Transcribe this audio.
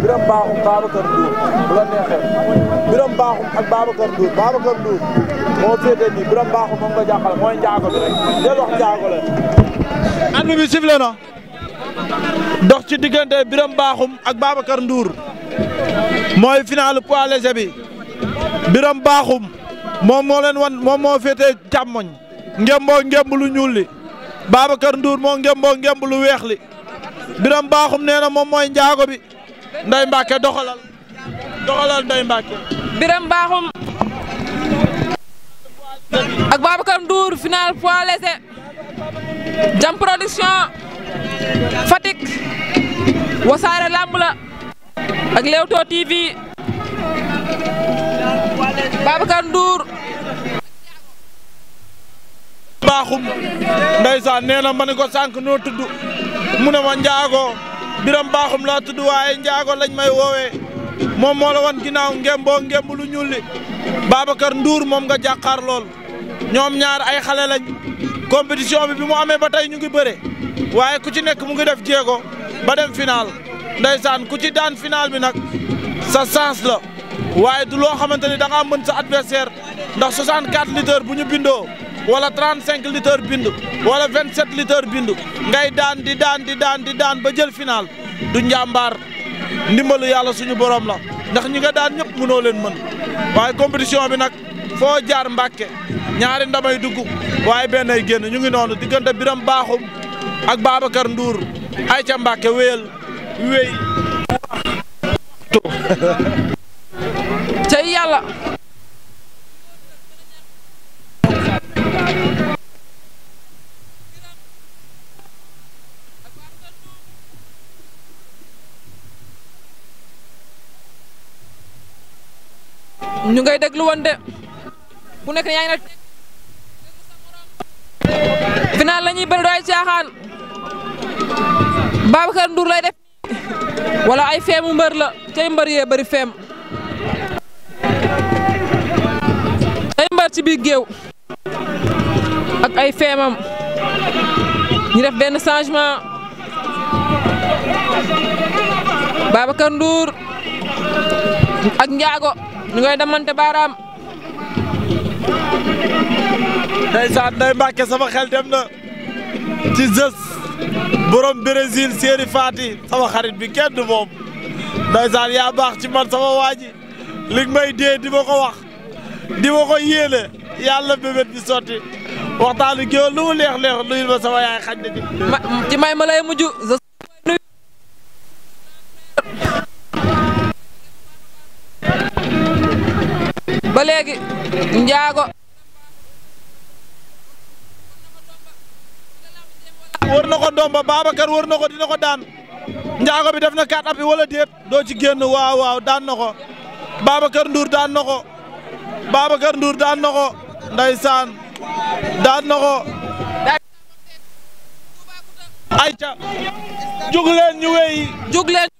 Biram Bakhoum Babacar Ndour bu la neexee Biram moo féete Biram Bakhoum moom nga jàppale mooy njaago bi rek del wax njaago la. arbitre bi sifflé na dox ci diggante Biram Bakhoum ak Babacar Ndour mooy final poids léger bi Biram Bakhoum moom moo leen wan moom moo féete càmmoñ ngemboo ngemb lu ñuul li Babacar moo ngemboo ngemb lu weex li Biram Bakhoum nee moom mooy njaago bi. Ndeye Mbacke doxalal doxalal Ndeye Mbacke. Biram Bakhoum. ak Babacar Ndour final poids Jam Production Fatick Wassare Lamb ak Leewtoo TV Babacar Ndour Bakhoum ndeysaan nee na ma ne ko sànq noo mu ne ma njaago biram baaxum laa tudd waaye njaago lañ may woowe moom moo la woon ginnaaw ngem boo ngemb lu ñuul li kër Ndour moom nga jàkkaar lool ñoom ñaar ay xale lañ compétition bi bi mu amee ba tey ñu ngi bëre waaye ku ci nekk mu ngi def jéego ba dem final ndeysaan ku ci daan final bi nag sa chance la waaye du loo xamante ni da ngaa mën sa adversaire ndax 64 litres bu ñu bindoo wala 35 litres bindu wala 27 litres bindu ngay daan di daan di daan di daan ba jël final du njàmbaar ndimbalu yàlla suñu borom la ndax ñi nga daan ñëpp mënoo leen mën waaye compétition bi nag foo jaar Mbàkke ñaari ndamay dugg waaye benn ay génn ñu ngi noonu diggante Biram Baaxum ak Babacar Ndour ay ca Mbàkke wéyal wéy. tey yàlla. ñu ngay déglu woon de ku nekk yaa ngi nag final la ñuy bëri du ay caaxaan Babacar Ndour lay def wala ay feemu mbër la cay mbër yee bëri feem cay mbër ci biir géew ak ay feemam ñu def benn changement Babacar Ndour ak Ndiago ñu ngay damante baaraam. ndeysaan Ndeye Mbacke sama xel dem na ci Zeus borom Brésil Séeri Faati sama xarit bi kenn du moom ndeysaan yaa baax ci man sama waa ji may dee di ma ko wax di ma ko yéele yàlla bébét bi sotti waxtaanu géwél lu mu leex leex nuyul ma sama yaay xaj na ci. ma lay mujj ba léegi njaago wër na ko domba Babacar wër na ko dina daan njaago bi def na kat api wala déet doo ci génn waaw waaw daan na ko Babacar Ndour daan na ko Babacar Ndour daan na ko ndeysaan daan na ko jug leen ñu wéy jug leen